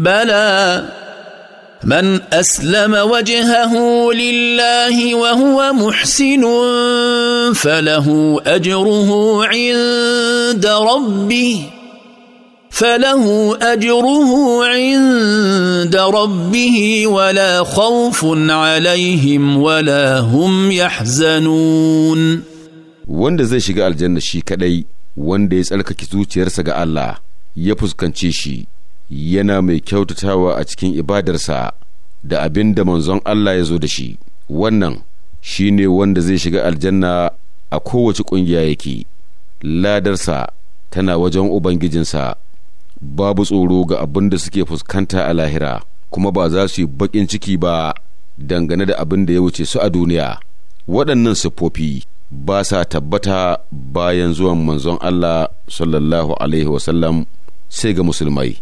بلى من اسلم وجهه لله وهو محسن فله اجره عند ربه فله اجره عند ربه ولا خوف عليهم ولا هم يحزنون wanda zai shiga aljanna shi kadai wanda ya tsarkake zuciyarsa ga Allah ya fuskance shi yana mai kyautatawa a cikin ibadarsa da abin da manzon Allah ya zo da shi wannan shi ne wanda zai shiga aljanna a kowace ƙungiya yake ladarsa tana wajen ubangijinsa babu tsoro ga abin da suke fuskanta a lahira kuma ba za su yi baƙin ciki ba dangane da abin da ya wuce su a duniya waɗannan siffofi ba sa tabbata bayan zuwan manzon Allah sallallahu alaihi wasallam sai ga musulmai